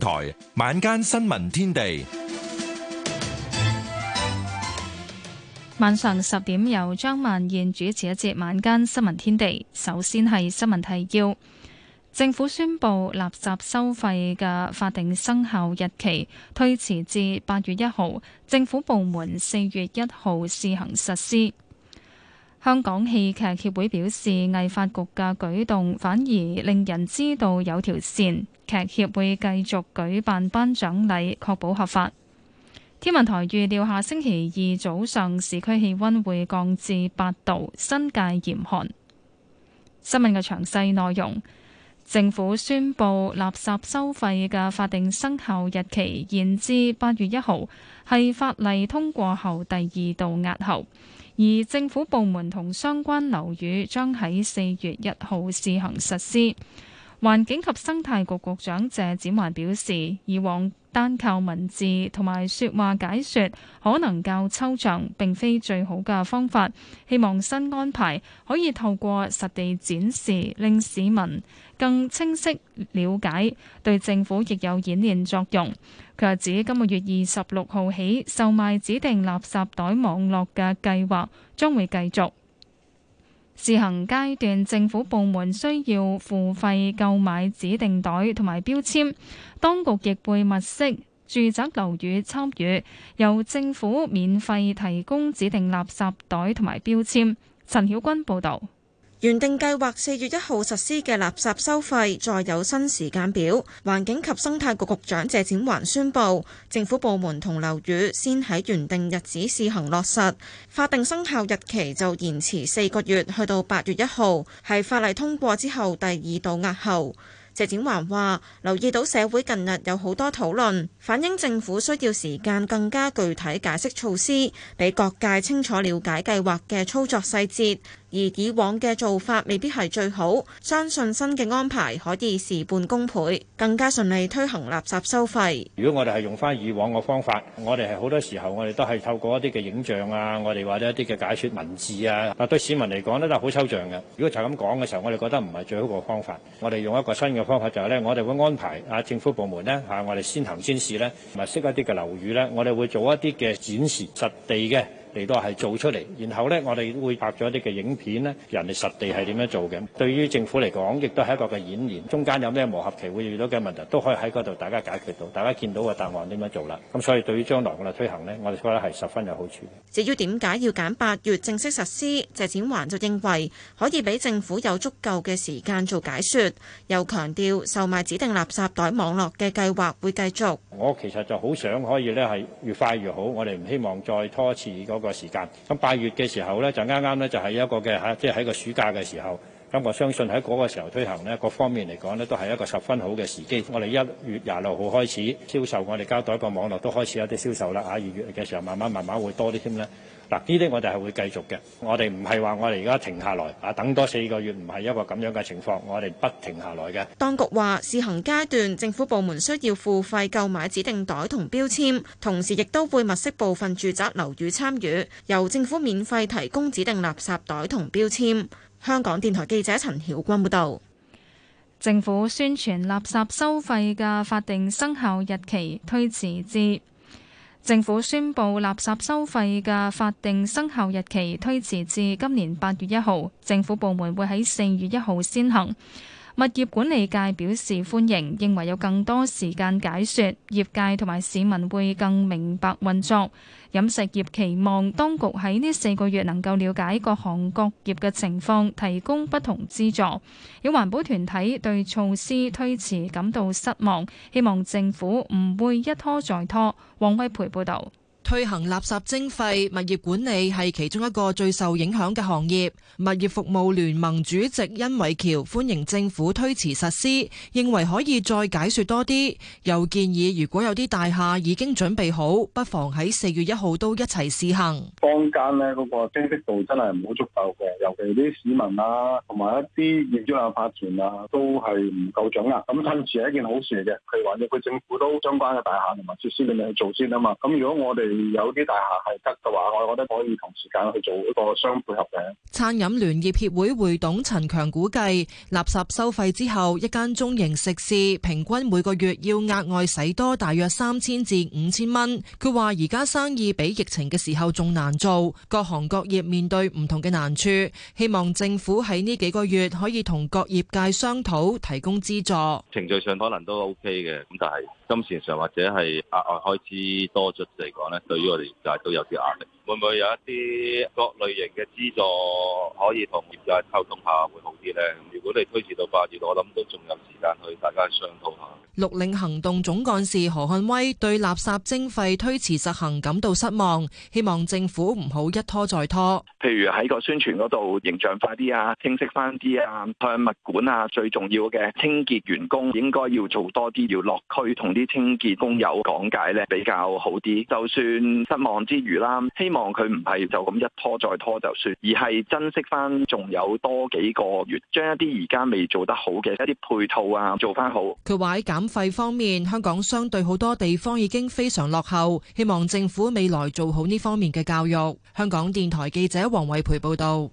台晚間新聞天地，晚上十點由張曼燕主持一節晚間新聞天地。首先係新聞提要：政府宣布垃圾收費嘅法定生效日期推遲至八月一號，政府部門四月一號試行實施。香港戲劇協會表示，藝發局嘅舉動反而令人知道有條線，劇協會繼續舉辦頒獎禮，確保合法。天文台預料下星期二早上市區氣温會降至八度，新界嚴寒。新聞嘅詳細內容，政府宣布垃圾收費嘅法定生效日期延至八月一號，係法例通過後第二度押後。而政府部門同相關樓宇將喺四月一號試行實施。環境及生態局局長謝展寰表示，以往單靠文字同埋說話解說，可能較抽象，並非最好嘅方法。希望新安排可以透過實地展示，令市民更清晰了解，對政府亦有演練作用。佢又指今個月二十六號起，售賣指定垃圾袋網絡嘅計劃將會繼續。試行階段，政府部門需要付費購買指定袋同埋標籤。當局亦會物色住宅樓宇參與，由政府免費提供指定垃圾袋同埋標籤。陳曉君報導。原定計劃四月一號實施嘅垃圾收費再有新時間表，環境及生態局局長謝展環宣佈，政府部門同樓宇先喺原定日子試行落實，法定生效日期就延遲四個月，去到八月一號，係法例通過之後第二度押後。謝展環話留意到社會近日有好多討論。反映政府需要時間更加具體解釋措施，俾各界清楚了解計劃嘅操作細節。而以往嘅做法未必係最好，相信新嘅安排可以事半功倍，更加順利推行垃圾收費。如果我哋係用翻以往嘅方法，我哋係好多時候我哋都係透過一啲嘅影像啊，我哋或者一啲嘅解說文字啊，對市民嚟講呢都係好抽象嘅。如果就咁講嘅時候，我哋覺得唔係最好個方法。我哋用一個新嘅方法就係呢：我哋會安排啊，政府部門呢，嚇，我哋先行先。咧，同埋識一啲嘅樓宇咧，我哋會做一啲嘅展示，實地嘅。嚟到係做出嚟，然後咧，我哋會拍咗一啲嘅影片咧，人哋實地係點樣做嘅。對於政府嚟講亦都係一個嘅演練，中間有咩磨合期，會遇到嘅問題都可以喺嗰度大家解決到。大家見到嘅答案點樣做啦。咁所以對於將來我哋推行咧，我哋覺得係十分有好處，至於點解要揀八月正式實施，謝展環就認為可以俾政府有足夠嘅時間做解說，又強調售賣指定垃圾袋網絡嘅計劃會繼續，我其實就好想可以咧係越快越好，我哋唔希望再拖一次咁。個時間咁八月嘅時候呢，就啱啱呢，就係一個嘅嚇，即係喺個暑假嘅時候咁，我相信喺嗰個時候推行呢，各方面嚟講呢都係一個十分好嘅時機。我哋一月廿六號開始銷售，我交代，我哋交代個網絡都開始有啲銷售啦嚇。二月嘅時候，慢慢慢慢會多啲添呢。嗱，呢啲我哋係會繼續嘅。我哋唔係話，我哋而家停下來啊，等多四個月唔係一個咁樣嘅情況，我哋不停下來嘅。當局話試行階段，政府部門需要付費購買指定袋同標籤，同時亦都會物色部分住宅樓宇參與，由政府免費提供指定垃圾袋同標籤。香港電台記者陳曉君報道。政府宣傳垃圾收費嘅法定生效日期推遲至。政府宣布垃圾收費嘅法定生效日期推遲至今年八月一號，政府部門會喺四月一號先行。物業管理界表示歡迎，認為有更多時間解說，業界同埋市民會更明白運作。飲食業期望當局喺呢四個月能夠了解各行各業嘅情況，提供不同資助。有環保團體對措施推遲感到失望，希望政府唔會一拖再拖。黃威培報導。推行垃圾徵費，物業管理係其中一個最受影響嘅行業，物業服務聯盟主席殷偉橋歡迎政府推遲實施，認為可以再解說多啲，又建議如果有啲大廈已經準備好，不妨喺四月一號都一齊試行。坊間咧嗰個清晰度真係唔好足夠嘅，尤其啲市民啊，同埋一啲業主有發傳啊，都係唔夠準啦，咁趁住係一件好事嚟嘅，譬如話你去政府都相關嘅大廈同埋設施裡面去做先啊嘛。咁如果我哋有啲大廈係得嘅話，我覺得可以同時間去做一個相配合嘅。餐飲聯業協會會董陳強估計垃圾收費之後一間中型食肆平均每個月要額外使多大約三千至五千蚊。佢話而家生意比疫情嘅時候仲難做，各行各業面對唔同嘅難處，希望政府喺呢幾個月可以同各業界商討提供資助。程序上可能都 OK 嘅，咁但係。金錢上或者係額外開支多出嚟講咧，對於我哋業界都有啲壓力。會唔會有一啲各類型嘅資助可以同業界溝通下會好啲呢？如果你推遲到八月，我諗都仲有時間去大家商討下。綠領行動總幹事何漢威對垃圾徵費推遲實行感到失望，希望政府唔好一拖再拖。譬如喺個宣傳嗰度形象化啲啊，清晰翻啲啊，向物管啊最重要嘅清潔員工應該要做多啲，要落區同啲清潔工友講解咧比較好啲。就算失望之餘啦，希望，望佢唔係就咁一拖再拖就算，而係珍惜翻仲有多幾個月，將一啲而家未做得好嘅一啲配套啊，做翻好。佢話喺減廢方面，香港相對好多地方已經非常落後，希望政府未來做好呢方面嘅教育。香港電台記者黃慧培報道。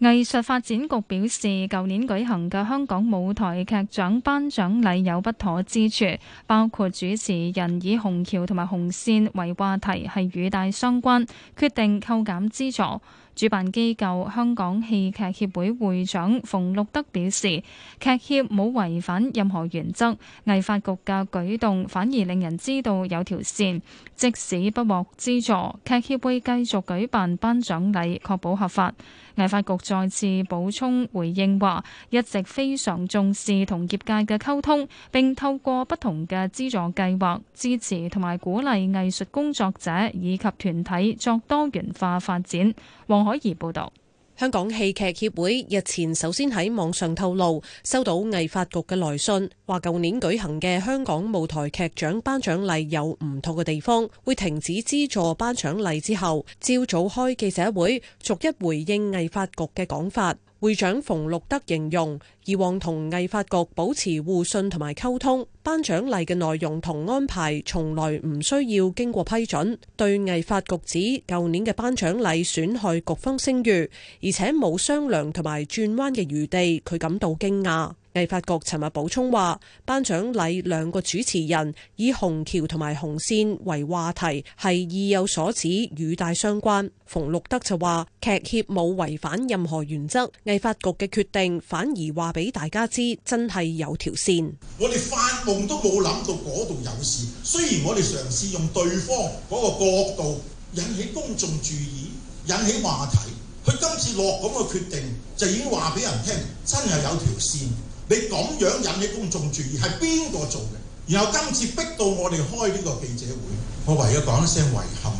藝術發展局表示，舊年舉行嘅香港舞台劇獎頒獎禮有不妥之處，包括主持人以紅橋同埋紅線為話題係語帶相關，決定扣減資助。主辦機構香港戲劇協會會長馮祿德表示，劇協冇違反任何原則，藝發局嘅舉動反而令人知道有條線，即使不獲資助，劇協會繼續舉辦頒獎禮，確保合法。藝發局再次補充回應話，一直非常重視同業界嘅溝通，並透過不同嘅資助計劃支持同埋鼓勵藝術工作者以及團體作多元化發展。黃海怡報道。香港戲劇協會日前首先喺網上透露，收到藝發局嘅來信，話舊年舉行嘅香港舞台劇獎頒獎禮有唔妥嘅地方，會停止資助頒獎禮之後，朝早開記者會，逐一回應藝發局嘅講法。會長馮祿德形容以往同藝發局保持互信同埋溝通，頒獎禮嘅內容同安排從來唔需要經過批准。對藝發局指舊年嘅頒獎禮損害局方聲譽，而且冇商量同埋轉彎嘅餘地，佢感到驚訝。藝發局尋日補充話，頒獎禮兩個主持人以紅橋同埋紅線為話題，係意有所指，語帶相關。馮祿德就話，劇協冇違反任何原則，藝發局嘅決定反而話俾大家知，真係有條線。我哋發夢都冇諗到嗰度有事，雖然我哋嘗試用對方嗰個角度引起公眾注意，引起話題。佢今次落咁嘅決定，就已經話俾人聽，真係有條線。你咁樣引起公眾注意係邊個做嘅？然後今次逼到我哋開呢個記者會，我唯有講一聲遺憾。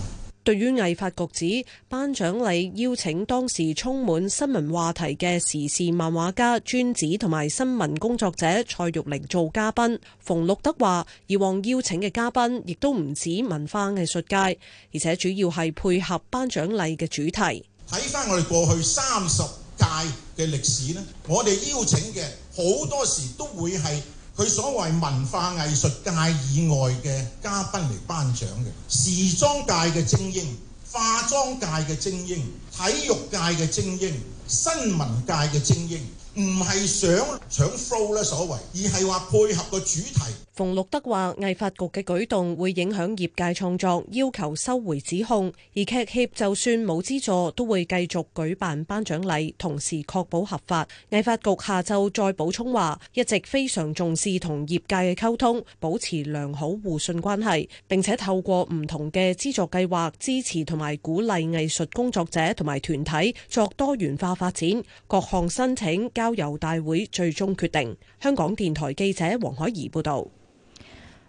對於藝發局指頒獎禮邀請當時充滿新聞話題嘅時事漫畫家尊子同埋新聞工作者蔡玉玲做嘉賓，馮祿德話以往邀請嘅嘉賓亦都唔止文化藝術界，而且主要係配合頒獎禮嘅主題。睇返我哋過去三十界嘅歷史呢，我哋邀請嘅好多時都會係佢所謂文化藝術界以外嘅嘉賓嚟頒獎嘅，時裝界嘅精英、化妝界嘅精英、體育界嘅精英、新聞界嘅精英，唔係想搶 flow 呢所謂，而係話配合個主題。馮錄德話：藝發局嘅舉動會影響業界創作，要求收回指控。而劇協就算冇資助，都會繼續舉辦頒獎禮，同時確保合法。藝發局下晝再補充話，一直非常重視同業界嘅溝通，保持良好互信關係，並且透過唔同嘅資助計劃支持同埋鼓勵藝術工作者同埋團體作多元化發展。各項申請交由大會最終決定。香港電台記者黃海怡報道。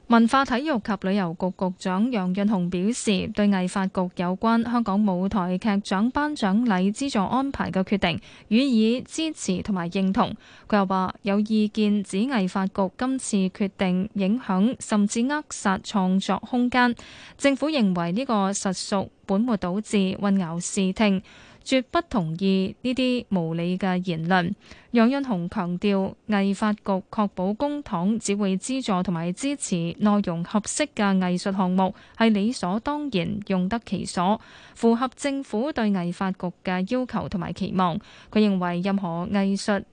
文化體育及旅遊局局長楊潤雄表示，對藝發局有關香港舞台劇獎頒獎禮資助安排嘅決定予以支持同埋認同。佢又話：有意見指藝發局今次決定影響甚至扼殺創作空間，政府認為呢個實屬本末倒置、混淆視聽。絕不同意呢啲無理嘅言論。楊潤雄強調，藝發局確保公帑只會資助同埋支持內容合適嘅藝術項目，係理所當然，用得其所，符合政府對藝發局嘅要求同埋期望。佢認為，任何藝術、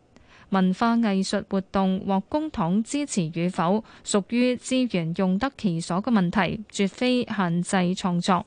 文化藝術活動或公帑支持與否，屬於資源用得其所嘅問題，絕非限制創作。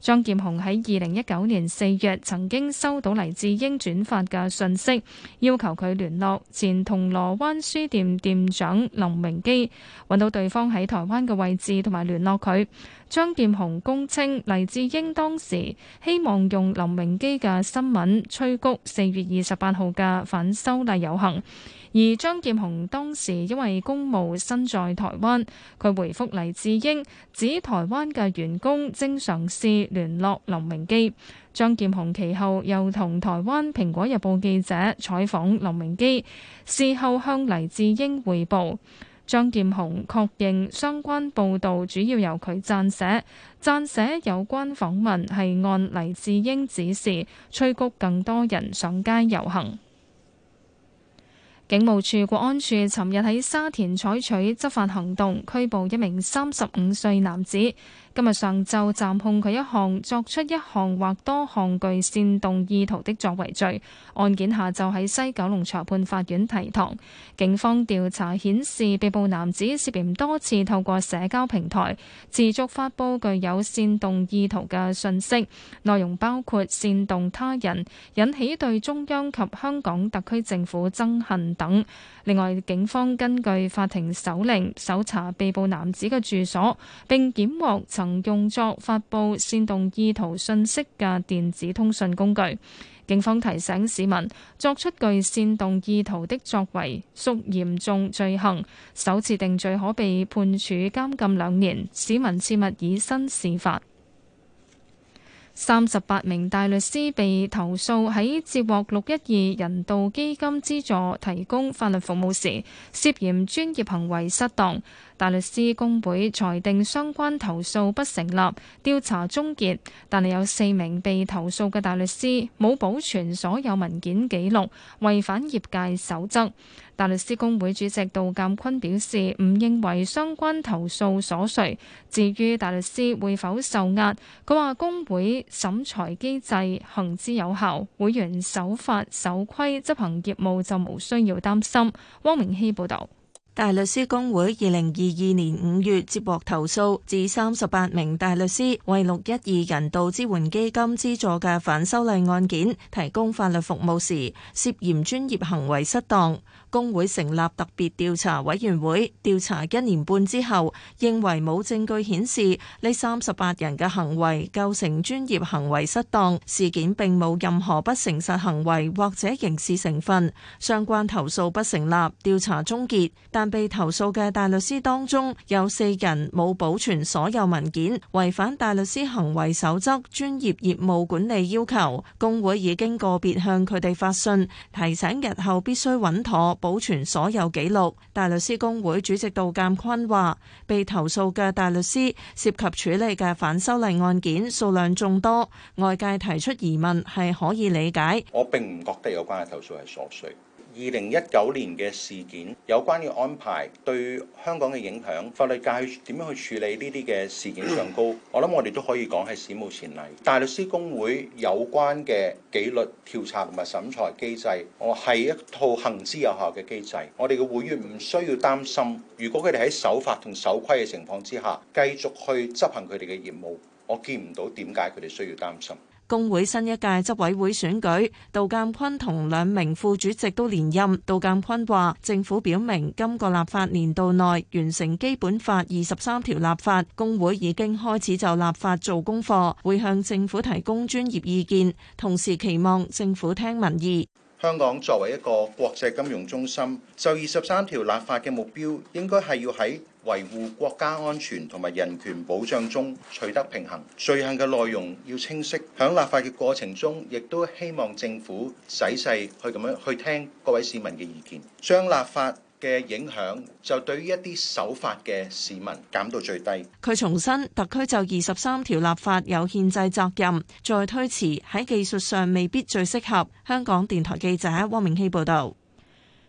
張劍虹喺二零一九年四月曾經收到黎智英轉發嘅信息，要求佢聯絡前銅鑼灣書店店長林榮基，揾到對方喺台灣嘅位置同埋聯絡佢。張劍虹供稱，黎智英當時希望用林榮基嘅新聞吹谷四月二十八號嘅反修例遊行。而張劍虹當時因為公務身在台灣，佢回覆黎智英指台灣嘅員工正嘗試聯絡林明基。張劍虹其後又同台灣《蘋果日報》記者採訪林明基，事後向黎智英彙報。張劍虹確認相關報導主要由佢撰寫，撰寫有關訪問係按黎智英指示，催谷更多人上街遊行。警務處國安處尋日喺沙田採取執法行動，拘捕一名三十五歲男子。今日上晝暫控佢一項作出一項或多項具煽動意圖的作為罪，案件下晝喺西九龍裁判法院提堂。警方調查顯示，被捕男子涉嫌多次透過社交平台持續發布具有煽動意圖嘅訊息，內容包括煽動他人、引起對中央及香港特區政府憎恨等。另外，警方根據法庭手令搜查被捕男子嘅住所，並檢獲曾用作發布煽動意圖信息嘅電子通訊工具，警方提醒市民作出具煽動意圖的作為屬嚴重罪行，首次定罪可被判處監禁兩年。市民切勿以身試法。三十八名大律師被投訴喺接獲六一二人道基金資助提供法律服務時，涉嫌專業行為失當。大律師公會裁定相關投訴不成立，調查終結。但係有四名被投訴嘅大律師冇保存所有文件記錄，違反業界守則。大律師公會主席杜鑑坤表示，唔認為相關投訴所屬。至於大律師會否受壓，佢話公會審裁機制行之有效，會員守法守規執行業務就無需要擔心。汪明熙報導。大律師公會二零二二年五月接獲投訴，指三十八名大律師為六一二人道支援基金資助嘅反修例案件提供法律服務時，涉嫌專業行為失當。公會成立特別調查委員會調查一年半之後，認為冇證據顯示呢三十八人嘅行為構成專業行為失當事件，並冇任何不誠實行為或者刑事成分，相關投訴不成立，調查終結。但被投訴嘅大律師當中有四人冇保存所有文件，違反大律師行為守則專業業務管理要求。公會已經個別向佢哋發信提醒，日後必須穩妥。保存所有記錄，大律師公會主席杜鑒坤話，被投訴嘅大律師涉及處理嘅反修例案件數量眾多，外界提出疑問係可以理解。我並唔覺得有關嘅投訴係瑣碎。二零一九年嘅事件有關嘅安排對香港嘅影響，法律界點樣去處理呢啲嘅事件上高，我諗我哋都可以講係史無前例。大律師公會有關嘅紀律調查同埋審裁機制，我係一套行之有效嘅機制。我哋嘅會員唔需要擔心，如果佢哋喺守法同守規嘅情況之下，繼續去執行佢哋嘅業務，我見唔到點解佢哋需要擔心。工會新一屆執委會選舉，杜鑑坤同兩名副主席都連任。杜鑑坤話：政府表明今個立法年度內完成《基本法》二十三條立法，工會已經開始就立法做功課，會向政府提供專業意見，同時期望政府聽民意。香港作為一個國際金融中心，就二十三條立法嘅目標，應該係要喺維護國家安全同埋人權保障中取得平衡。罪行嘅內容要清晰，喺立法嘅過程中，亦都希望政府仔細去咁樣去聽各位市民嘅意見，將立法嘅影響就對於一啲守法嘅市民減到最低。佢重申，特區就二十三條立法有憲制責任，再推遲喺技術上未必最適合。香港電台記者汪明熙報導。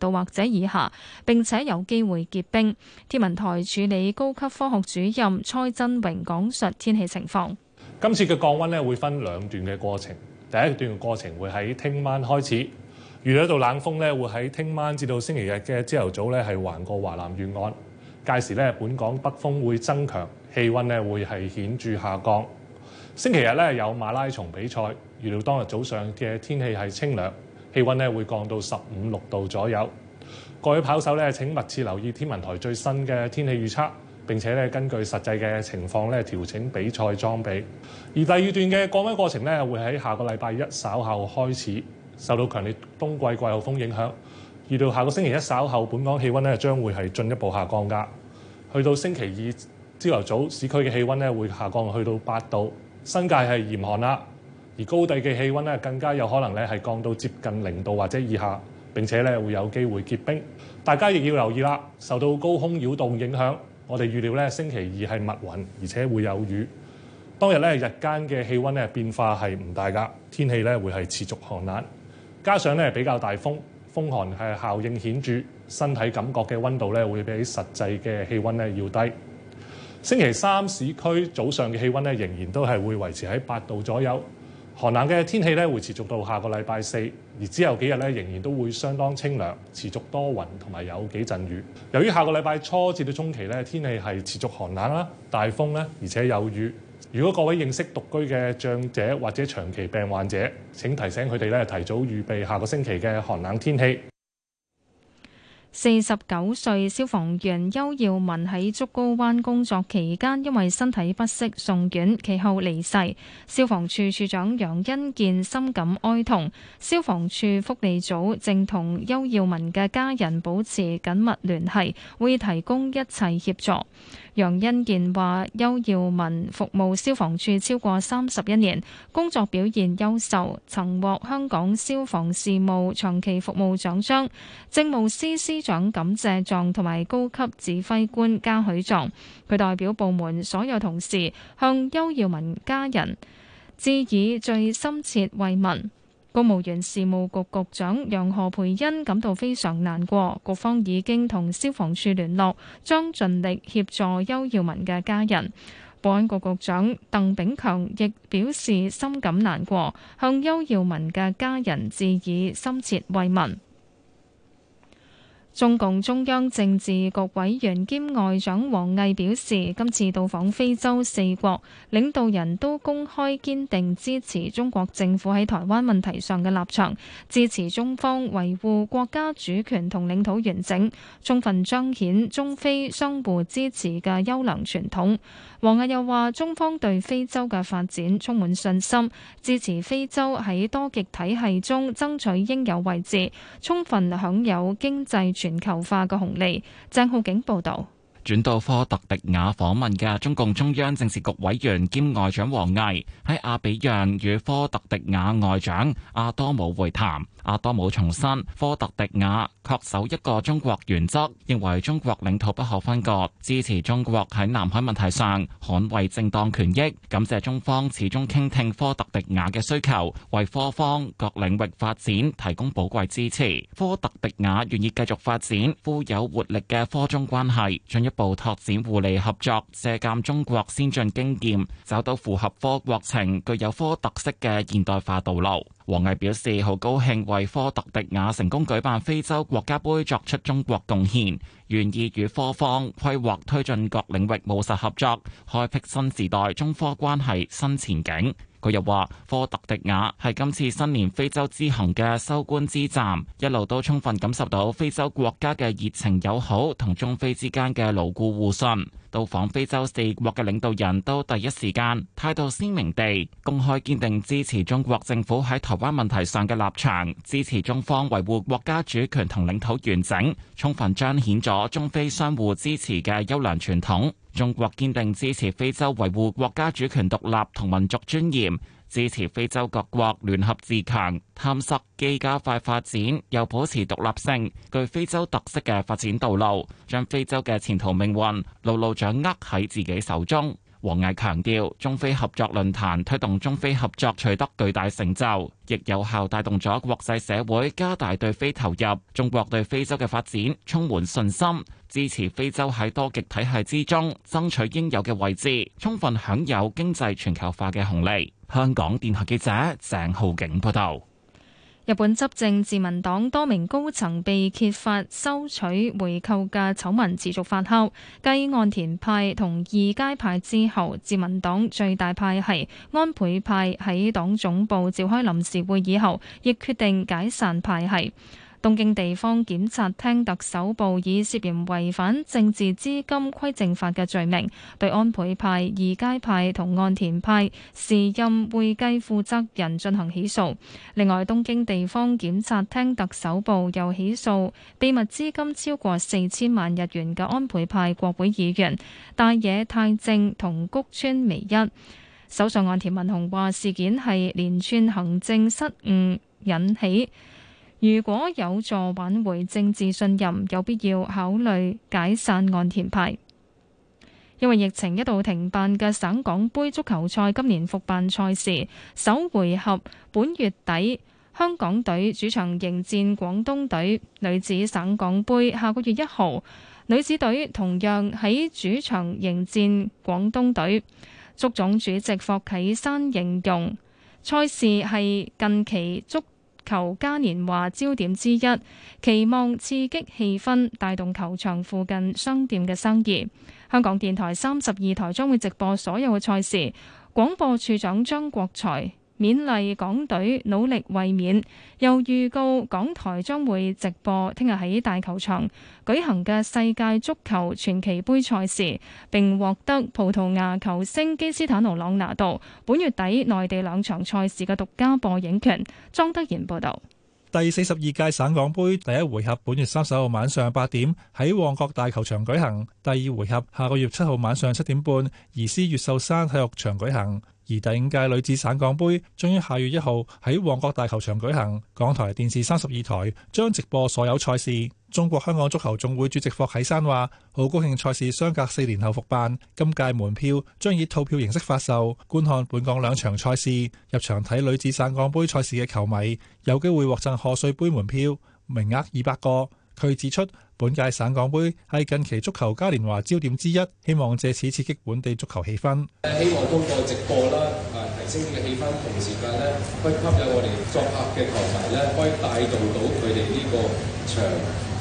度或者以下，並且有機會結冰。天文台助理高級科學主任蔡振榮講述天氣情況。今次嘅降溫咧，會分兩段嘅過程。第一段嘅過程會喺聽晚開始，預料到，到冷風咧會喺聽晚至到星期日嘅朝頭早咧係橫過華南沿岸，屆時咧本港北風會增強，氣溫咧會係顯著下降。星期日咧有馬拉松比賽，預料當日早上嘅天氣係清涼。氣温咧會降到十五六度左右。各位跑手咧，請密切留意天文台最新嘅天氣預測，並且咧根據實際嘅情況咧調整比賽裝備。而第二段嘅降温過程咧會喺下個禮拜一稍後開始，受到強烈冬季季候風影響。預料下個星期一稍後，本港氣温咧將會係進一步下降㗎。去到星期二朝頭早，市區嘅氣温咧會下降去到八度，新界係嚴寒啦。而高地嘅氣溫咧，更加有可能咧係降到接近零度或者以下。並且咧會有機會結冰。大家亦要留意啦，受到高空擾動影響，我哋預料咧星期二係密雲，而且會有雨。當日咧日間嘅氣溫咧變化係唔大噶，天氣咧會係持續寒冷，加上咧比較大風，風寒係效應顯著，身體感覺嘅溫度咧會比實際嘅氣溫咧要低。星期三市區早上嘅氣溫咧仍然都係會維持喺八度左右。寒冷嘅天氣咧，會持續到下個禮拜四，而之後幾日咧，仍然都會相當清涼，持續多雲同埋有幾陣雨。由於下個禮拜初至到中期咧，天氣係持續寒冷啦、大風咧，而且有雨。如果各位認識獨居嘅長者或者長期病患者，請提醒佢哋咧，提早預備下個星期嘅寒冷天氣。四十九歲消防員邱耀文喺竹篙灣工作期間，因為身體不適送院，其後離世。消防處處長楊恩健深感哀痛，消防處福利組正同邱耀文嘅家人保持緊密聯繫，會提供一切協助。楊恩健話：邱耀文服務消防處超過三十一年，工作表現優秀，曾獲香港消防事務長期服務獎章。政務司司長感謝狀同埋高級指揮官嘉許狀，佢代表部門所有同事向邱耀文家人致以最深切慰問。公務員事務局局長楊何培恩感到非常難過，局方已經同消防處聯絡，將盡力協助邱耀文嘅家人。保安局局長鄧炳強亦表示深感難過，向邱耀文嘅家人致以深切慰問。中共中央政治局委員兼外長王毅表示，今次到訪非洲四國，領導人都公開堅定支持中國政府喺台灣問題上嘅立場，支持中方維護國家主權同領土完整，充分彰顯中非相互支持嘅優良傳統。王毅又話：中方對非洲嘅發展充滿信心，支持非洲喺多極體系中爭取應有位置，充分享有經濟全球化嘅紅利。鄭浩景報導。轉到科特迪瓦訪問嘅中共中央政治局委員兼外長王毅喺阿比讓與科特迪瓦外長阿多姆會談。阿多姆重申科特迪瓦恪守一個中國原則，認為中國領土不可分割，支持中國喺南海問題上捍衛正當權益。感謝中方始終傾聽科特迪瓦嘅需求，為科方各領域發展提供寶貴支持。科特迪瓦願意繼續發展富有活力嘅科中關係，一步拓展互利合作，借鑒中國先進經驗，找到符合科國情、具有科特色嘅現代化道路。王毅表示，好高興為科特迪瓦成功舉辦非洲國家杯作出中國貢獻，願意與科方規劃推進各領域務實合作，開闢新時代中科關係新前景。佢又話科特迪瓦係今次新年非洲之行嘅收官之站，一路都充分感受到非洲國家嘅熱情友好同中非之間嘅牢固互信。到訪非洲四國嘅領導人都第一時間態度鮮明地公開堅定支持中國政府喺台灣問題上嘅立場，支持中方維護國家主權同領土完整，充分彰顯咗中非相互支持嘅優良傳統。中國堅定支持非洲維護國家主權獨立同民族尊嚴，支持非洲各國聯合自強，探索既加快發展又保持獨立性、具非洲特色嘅發展道路，將非洲嘅前途命運牢牢掌握喺自己手中。王毅強調，中非合作論壇推動中非合作取得巨大成就，亦有效帶動咗國際社會加大對非投入。中國對非洲嘅發展充滿信心，支持非洲喺多極體系之中爭取應有嘅位置，充分享有經濟全球化嘅紅利。香港電台記者鄭浩景報道。日本執政自民黨多名高層被揭發收取回扣嘅醜聞持續發酵，繼岸田派同二階派之後，自民黨最大派系安倍派喺黨總部召開臨時會議後，亦決定解散派系。東京地方檢察廳特首部以涉嫌違反政治資金規正法嘅罪名，對安倍派、二階派同岸田派時任會計負責人進行起訴。另外，東京地方檢察廳特首部又起訴秘密資金超過四千萬日元嘅安倍派國會議員大野泰正同谷川彌一。首相岸田文雄話事件係連串行政失誤引起。如果有助挽回政治信任，有必要考慮解散岸田派。因為疫情一度停辦嘅省港杯足球賽，今年復辦賽事，首回合本月底香港隊主場迎戰廣東隊。女子省港杯下個月一號，女子隊同樣喺主場迎戰廣東隊。足總主席霍啟山形容賽事係近期足球嘉年華焦點之一，期望刺激氣氛，帶動球場附近商店嘅生意。香港電台三十二台將會直播所有嘅賽事。廣播處長張國才。勉勵港隊努力衛冕，又預告港台將會直播聽日喺大球場舉行嘅世界足球傳奇杯賽事，並獲得葡萄牙球星基斯坦奴朗拿度本月底內地兩場賽事嘅獨家播映權。莊德賢報道。第四十二屆省港杯第一回合本月三十號晚上八點喺旺角大球場舉行，第二回合下個月七號晚上七點半移師越秀山體育場舉行，而第五屆女子省港杯將於下月一號喺旺角大球場舉行。港台電視三十二台將直播所有賽事。中國香港足球總會主席霍啟山話：好高興賽事相隔四年後復辦，今屆門票將以套票形式發售。觀看本港兩場賽事、入場睇女子省港杯賽事嘅球迷，有機會獲贈賀歲杯門票，名額二百個。佢指出，本屆省港杯係近期足球嘉年華焦點之一，希望借此刺激本地足球氣氛。希望通過直播啦，提升啲氣氛，同時間呢，可以吸引我哋作客嘅球迷呢，可以帶動到佢哋呢個場。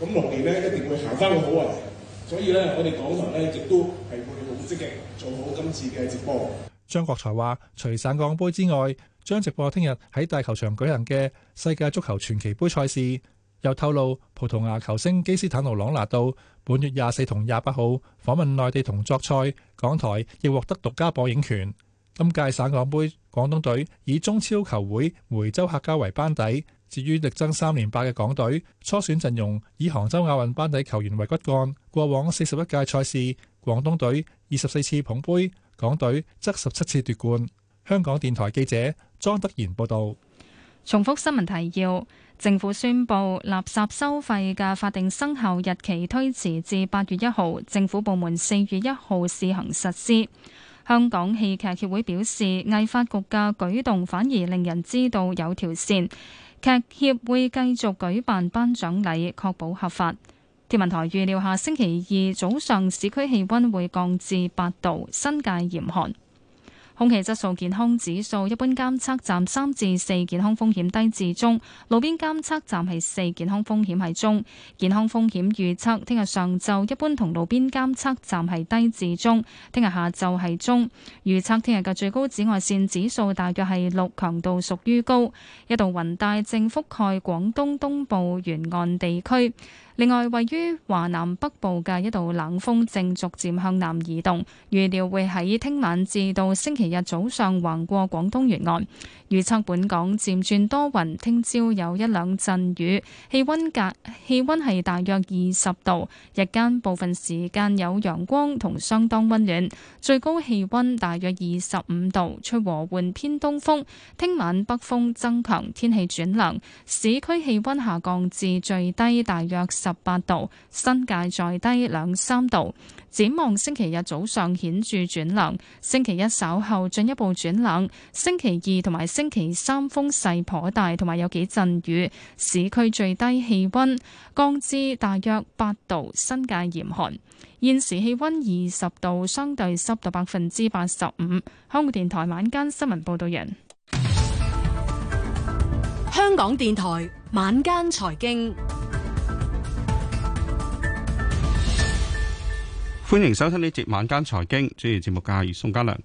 咁龍年呢，一定會行翻個好運！所以呢，我哋港台呢，亦都係會好積極做好今次嘅直播。張國才話：除省港杯之外，將直播聽日喺大球場舉行嘅世界足球傳奇杯賽事。又透露葡萄牙球星基斯坦奴朗拿度本月廿四同廿八號訪問內地同作賽，港台亦獲得獨家播映權。今屆省港杯，廣東隊以中超球會梅州客家為班底。至於力爭三連霸嘅港隊初選陣容，以杭州亞運班底球員為骨幹。過往四十一屆賽事，廣東隊二十四次捧杯，港隊則十七次奪冠。香港電台記者莊德賢報導。重複新聞提要：政府宣布垃圾收費嘅法定生效日期推遲至八月一號，政府部門四月一號試行實施。香港戲劇協會表示，藝發局嘅舉動反而令人知道有條線。劇協會繼續舉辦頒獎禮，確保合法。天文台預料下星期二早上市區氣溫會降至八度，新界嚴寒。空氣質素健康指數一般監測站三至四，健康風險低至中，路邊監測站係四，健康風險係中。健康風險預測聽日上晝一般同路邊監測站係低至中，聽日下晝係中。預測聽日嘅最高紫外線指數大約係六，強度屬於高。一道雲帶正覆蓋廣東東部沿岸地區。另外，位於華南北部嘅一道冷風正逐漸向南移動，預料會喺聽晚至到星期日早上橫過廣東沿岸。預測本港漸轉多雲，聽朝有一兩陣雨，氣温格氣温係大約二十度，日間部分時間有陽光同相當温暖，最高氣温大約二十五度，吹和緩偏東風。聽晚北風增強，天氣轉涼，市區氣温下降至最低大約。十八度，新界再低兩三度。展望星期日早上顯著轉冷，星期一稍後進一步轉冷，星期二同埋星期三風勢頗大，同埋有幾陣雨。市區最低氣温降至大約八度，新界嚴寒。現時氣溫二十度，相對濕度百分之八十五。香港電台晚間新聞報道人，香港電台晚間財經。歡迎收聽呢節晚間財經主持節目嘅係宋家良。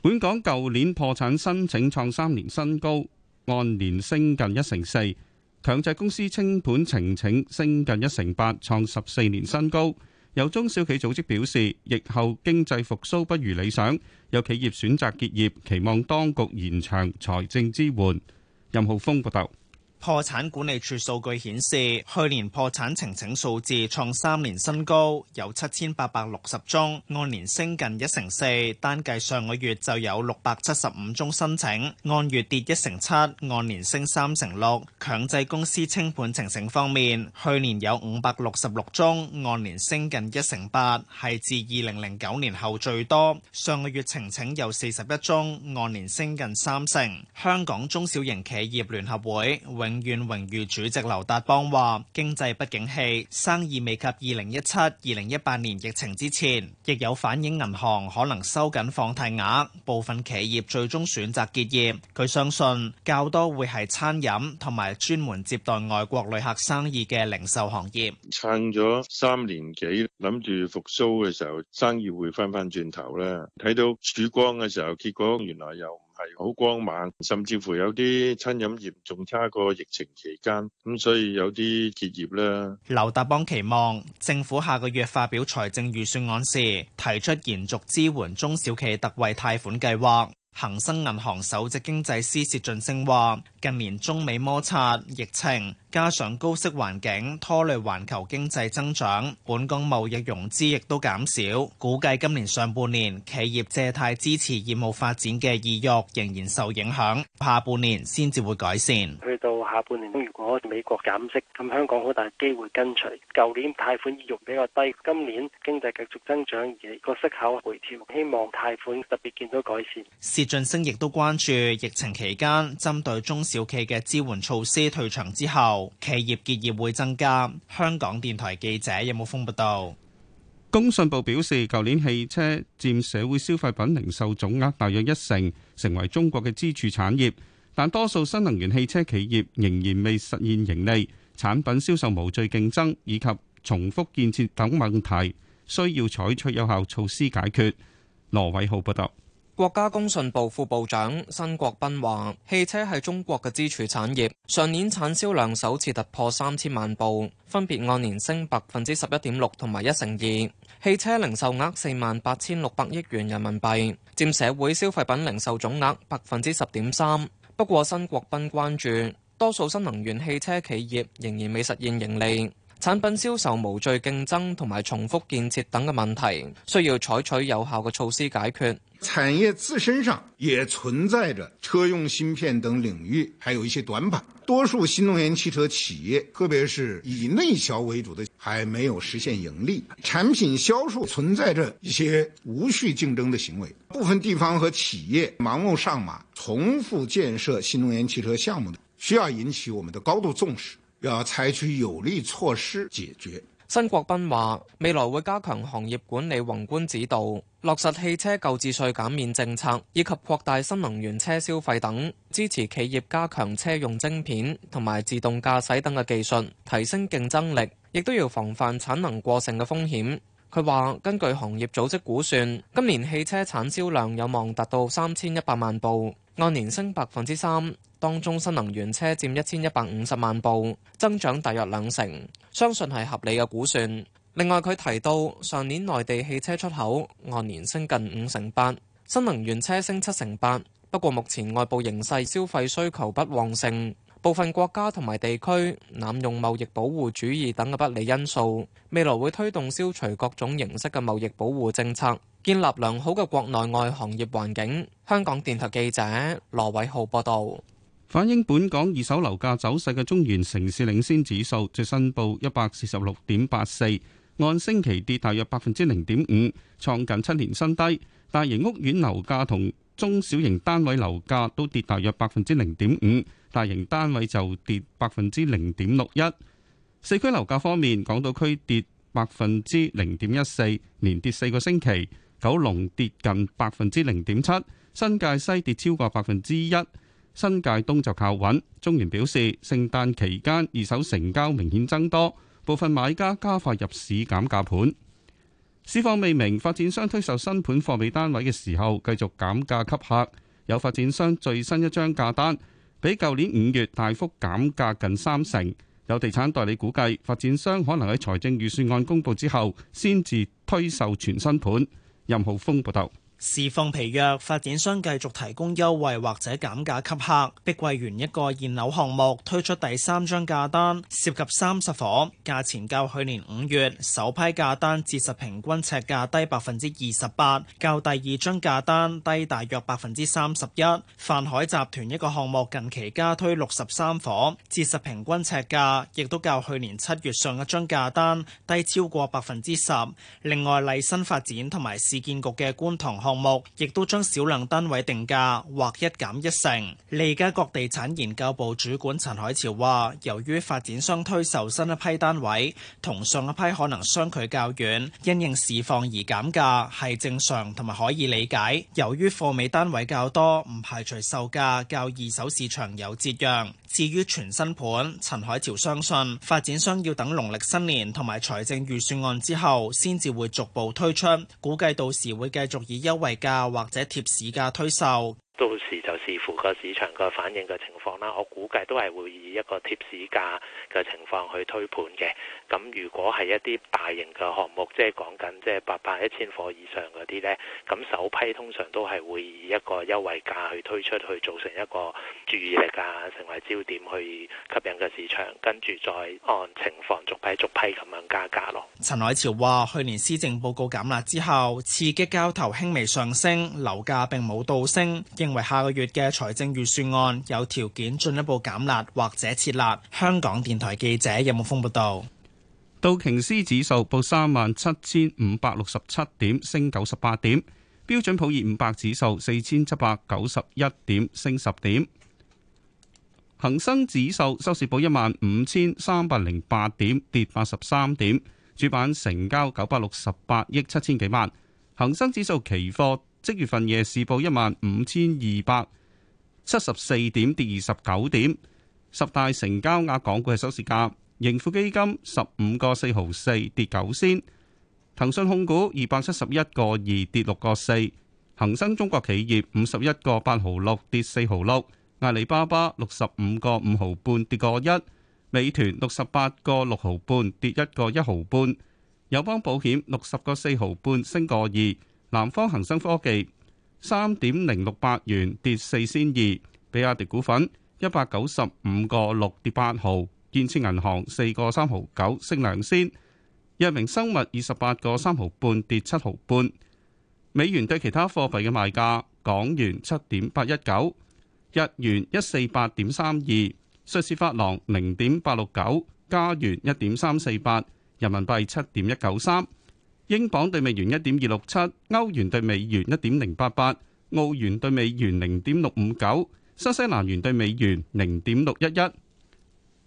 本港舊年破產申請創三年新高，按年升近一成四；強制公司清盤呈請升近一成八，創十四年新高。有中小企組織表示，疫後經濟復蘇不如理想，有企業選擇結業，期望當局延長財政支援。任浩峰報道。破產管理處數據顯示，去年破產呈請數字創三年新高，有七千八百六十宗，按年升近一成四。單計上個月就有六百七十五宗申請，按月跌一成七，按年升三成六。強制公司清盤呈請方面，去年有五百六十六宗，按年升近一成八，係自二零零九年後最多。上個月呈請有四十一宗，按年升近三成。香港中小型企業聯合會永院榮譽主席劉達邦話，經濟不景氣，生意未及二零一七、二零一八年疫情之前，亦有反映銀行可能收緊放貸額，部分企業最終選擇結業。佢相信較多會係餐飲同埋專門接待外國旅客生意嘅零售行業，撐咗三年幾，諗住復蘇嘅時候生意會翻翻轉頭咧，睇到曙光嘅時候，結果原來又。係好光猛，甚至乎有啲餐飲業仲差過疫情期間，咁所以有啲結業啦。劉達邦期望政府下個月發表財政預算案時，提出延續支援中小企特惠貸款計劃。恒生銀行首席經濟師薛俊升話：近年中美摩擦、疫情加上高息環境拖累環球經濟增長，本港貿易融資亦都減少。估計今年上半年企業借貸支持業務發展嘅意欲仍然受影響，下半年先至會改善。去到下半年，如果美國減息，咁香港好大機會跟隨。舊年貸款意欲比較低，今年經濟繼續增長，而個息口回調，希望貸款特別見到改善。而晉升亦都關注疫情期間，針對中小企嘅支援措施退場之後，企業結業會增加。香港電台記者任武峯報道。工信部表示，舊年汽車佔社會消費品零售總額大約一成，成為中國嘅支柱產業。但多數新能源汽車企業仍然未實現盈利，產品銷售無序競爭以及重複建設等問題，需要採取有效措施解決。羅偉浩報道。國家工信部副部長辛國斌話，汽車係中國嘅支柱產業，上年產銷量首次突破三千萬部，分別按年升百分之十一點六同埋一成二。汽車零售額四萬八千六百億元人民幣，佔社會消費品零售總額百分之十點三。不過，辛國斌關注，多數新能源汽車企業仍然未實現盈利。產品銷售無序競爭同埋重複建設等嘅問題，需要採取有效嘅措施解決。產業自身上也存在着車用芯片等領域，還有一些短板。多數新能源汽車企業，特別是以內銷為主的，還沒有實現盈利。產品銷售存在着一些無序競爭嘅行為，部分地方和企業盲目上馬，重複建設新能源汽車項目，的需要引起我們的高度重視。要採取有力措施解決。辛國斌話：未來會加強行業管理、宏觀指導，落實汽車購置稅減免政策以及擴大新能源車消費等，支持企業加強車用晶片同埋自動駕駛等嘅技術，提升競爭力。亦都要防範產能過剩嘅風險。佢話：根據行業組織估算，今年汽車產銷量有望達到三千一百萬部，按年升百分之三。當中新能源車佔一千一百五十萬部，增長大約兩成，相信係合理嘅估算。另外，佢提到上年內地汽車出口按年升近五成八，新能源車升七成八。不過，目前外部形勢消費需求不旺盛，部分國家同埋地區濫用貿易保護主義等嘅不利因素，未來會推動消除各種形式嘅貿易保護政策，建立良好嘅國內外行業環境。香港電台記者羅偉浩報道。反映本港二手樓價走勢嘅中原城市領先指數最新報一百四十六點八四，按星期跌大約百分之零點五，創近七年新低。大型屋苑樓價同中小型單位樓價都跌大約百分之零點五，大型單位就跌百分之零點六一。四區樓價方面，港島區跌百分之零點一四，連跌四個星期；九龍跌近百分之零點七，新界西跌超過百分之一。新界東就靠穩，中原表示聖誕期間二手成交明顯增多，部分買家加快入市減價盤。市況未明，發展商推售新盤貨尾單位嘅時候繼續減價吸客。有發展商最新一張價單比舊年五月大幅減價近三成。有地產代理估計，發展商可能喺財政預算案公佈之後先至推售全新盤。任浩峰報道。市況疲弱，發展商繼續提供優惠或者減價吸客。碧桂園一個現樓項目推出第三張價單，涉及三十伙，價錢較去年五月首批價單折實平均尺價低百分之二十八，較第二張價單低大約百分之三十一。泛海集團一個項目近期加推六十三伙，折實平均尺價亦都較去年七月上一張價單低超過百分之十。另外，麗新發展同埋市建局嘅觀塘項，項目亦都將少量單位定價劃一減一成。利嘉閣地產研究部主管陳海潮話，由於發展商推售新一批單位，同上一批可能相距較遠，因應市況而減價係正常，同埋可以理解。由於貨尾單位較多，唔排除售價較二手市場有折讓。至於全新盤，陳海潮相信發展商要等農曆新年同埋財政預算案之後，先至會逐步推出，估計到時會繼續以優惠價或者貼市價推售。到時就視乎個市場個反應嘅情況啦，我估計都係會以一個貼市價嘅情況去推盤嘅。咁如果係一啲大型嘅項目，即係講緊即係八百一千伙以上嗰啲呢，咁首批通常都係會以一個優惠價去推出，去造成一個注意力啊，成為焦點去吸引個市場，跟住再按情況逐批逐批咁樣加價咯。陳海潮話：去年施政報告減壓之後，刺激交投輕微上升，樓價並冇倒升。認為下個月嘅財政預算案有條件進一步減辣或者撤辣。香港電台記者任木峰報道：道瓊斯指數報三萬七千五百六十七點，升九十八點；標準普爾五百指數四千七百九十一點，升十點；恒生指數收市報一萬五千三百零八點，跌八十三點。主板成交九百六十八億七千幾萬。恒生指數期貨。即月份夜市報一萬五千二百七十四點，跌二十九點。十大成交額港股嘅收市價，盈富基金十五個四毫四，跌九仙。騰訊控股二百七十一個二，跌六個四。恒生中國企業五十一個八毫六，跌四毫六。阿里巴巴六十五個五毫半，跌個一。美團六十八個六毫半，跌一個一毫半。友邦保險六十個四毫半，升個二。南方恒生科技三點零六八元，跌四仙二；比亞迪股份一百九十五個六，跌八毫；建設銀行四個三毫九，升兩仙；日明生物二十八個三毫半，跌七毫半。美元對其他貨幣嘅賣價：港元七點八一九，日元一四八點三二，瑞士法郎零點八六九，加元一點三四八，人民幣七點一九三。英鎊兌美元一點二六七，歐元兌美元一點零八八，澳元兌美元零點六五九，新西蘭元兌美元零點六一一。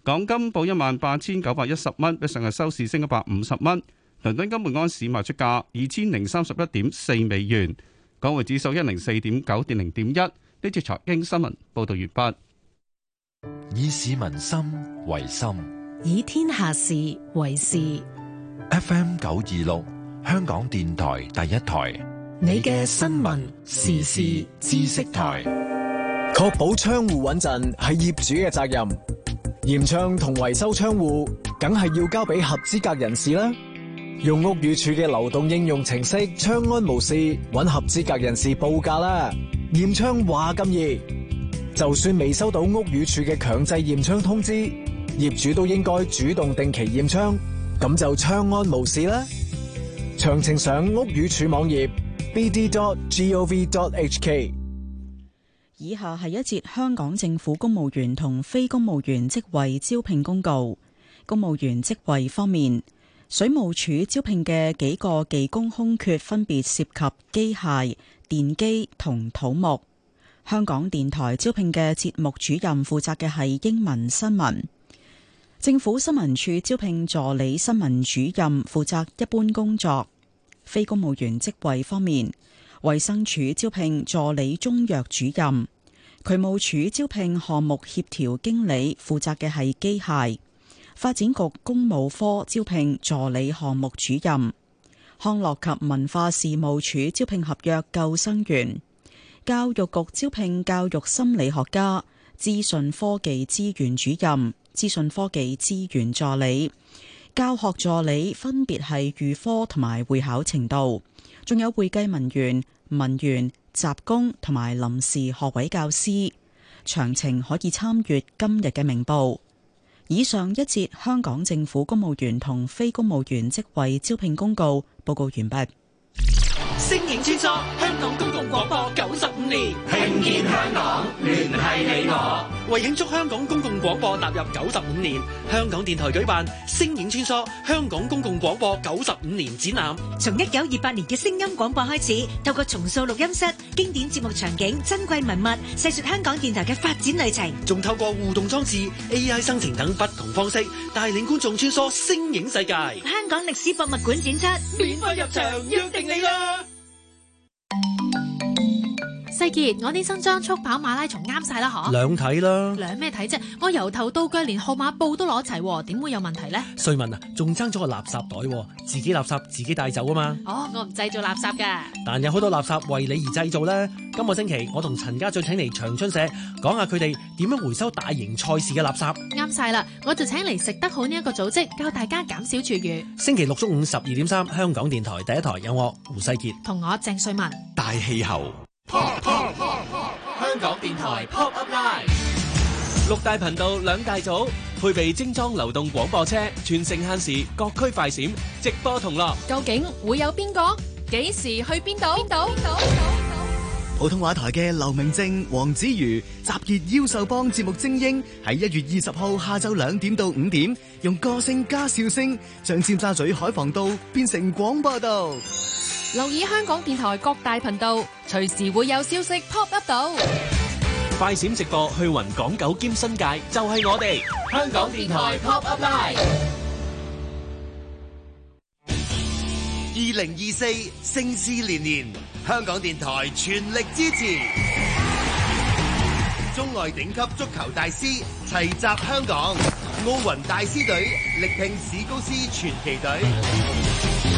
港金報一萬八千九百一十蚊，比上日收市升一百五十蚊。倫敦金每安士賣出價二千零三十一點四美元。港匯指數一零四點九點零點一。呢次財經新聞報道完畢。以市民心為心，以天下事為事。F.M. 九二六。香港電台第一台，你嘅新聞時事知識台。確保窗戶穩陣係業主嘅責任。驗窗同維修窗戶，梗係要交俾合資格人士啦。用屋宇署嘅流動應用程式「窗安無事」揾合資格人士報價啦。驗窗話咁易，就算未收到屋宇署嘅強制驗窗通知，業主都應該主動定期驗窗，咁就窗安無事啦。詳情上屋宇署網頁 bd.gov.hk。以下係一節香港政府公務員同非公務員職位招聘公告。公務員職位方面，水務署招聘嘅幾個技工空缺分別涉及機械、電機同土木。香港電台招聘嘅節目主任負責嘅係英文新聞。政府新聞處招聘助理新聞主任，負責一般工作。非公務員職位方面，衛生署招聘助理中藥主任，渠務署招聘項目協調經理，負責嘅係機械，發展局公務科招聘助理項目主任，康樂及文化事務署招聘合約救生員，教育局招聘教育心理學家、資訊科技資源主任。資訊科技資源助理、教學助理分別係預科同埋會考程度，仲有會計文員、文員、雜工同埋臨時學位教師，詳情可以參閱今日嘅明報。以上一節香港政府公務員同非公務員職位招聘公告，報告完畢。星影穿梭香港公共廣播九十五年，聽見香港，聯繫你我。為慶祝香港公共廣播踏入九十五年，香港電台舉辦《聲影穿梭香港公共廣播九十五年展覽》，從一九二八年嘅聲音廣播開始，透過重塑錄音室、經典節目場景、珍貴文物，細說香港電台嘅發展旅程，仲透過互動裝置、AI 生成等不同方式，帶領觀眾穿梭聲影世界。香港歷史博物館展出，免費入場，約定你啦！世杰，我呢身裝束跑馬拉松啱晒啦，嗬？兩睇啦，兩咩睇啫？我由頭到腳連號碼布都攞齊，點會有問題呢？瑞文啊，仲爭咗個垃圾袋喎，自己垃圾自己帶走啊嘛！哦，我唔製造垃圾噶，但有好多垃圾為你而製造咧。今個星期我同陳家俊請嚟長春社講下佢哋點樣回收大型賽事嘅垃圾。啱晒啦，我就請嚟食德好呢一個組織教大家減少廚餘。星期六中午十二點三，香港電台第一台有我胡世杰同我鄭瑞文，大氣候。Pop Pop Pop Pop！香港電台 Pop Up Live，六大頻道兩大組，配備精裝流動廣播車，全城限時，各區快閃，直播同樂。究竟會有邊個？幾時去邊度？邊度？邊度？普通話台嘅劉明正、黃子瑜集結優秀幫節目精英，喺一月二十號下晝兩點到五點，用歌聲加笑聲，將尖沙咀海防道變成廣播道。留意香港電台各大頻道，隨時會有消息 pop up 到。快閃直播去雲港九兼新界，就係、是、我哋香港電台 pop up live。二零二四，盛事連連，香港電台全力支持。中外頂級足球大師齊集香港，奧運大師隊力拼史高斯傳奇隊。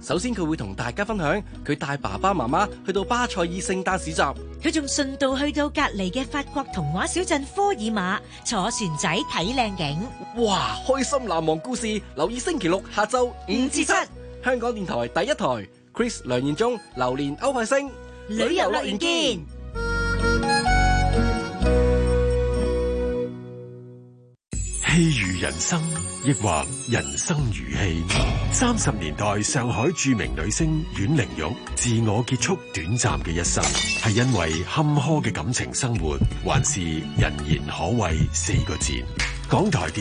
首先佢會同大家分享佢帶爸爸媽媽去到巴塞爾聖誕市集，佢仲順道去到隔籬嘅法國童話小鎮科爾瑪坐船仔睇靚景。哇！開心難忘故事，留意星期六下晝五至七香港電台第一台，Chris 梁彥忠、榴蓮歐海星旅遊樂園見。譬如人生，抑或人生如戲。三十年代上海著名女星阮玲玉，自我結束短暫嘅一生，係因為坎坷嘅感情生活，還是人言可畏四個字？港台電。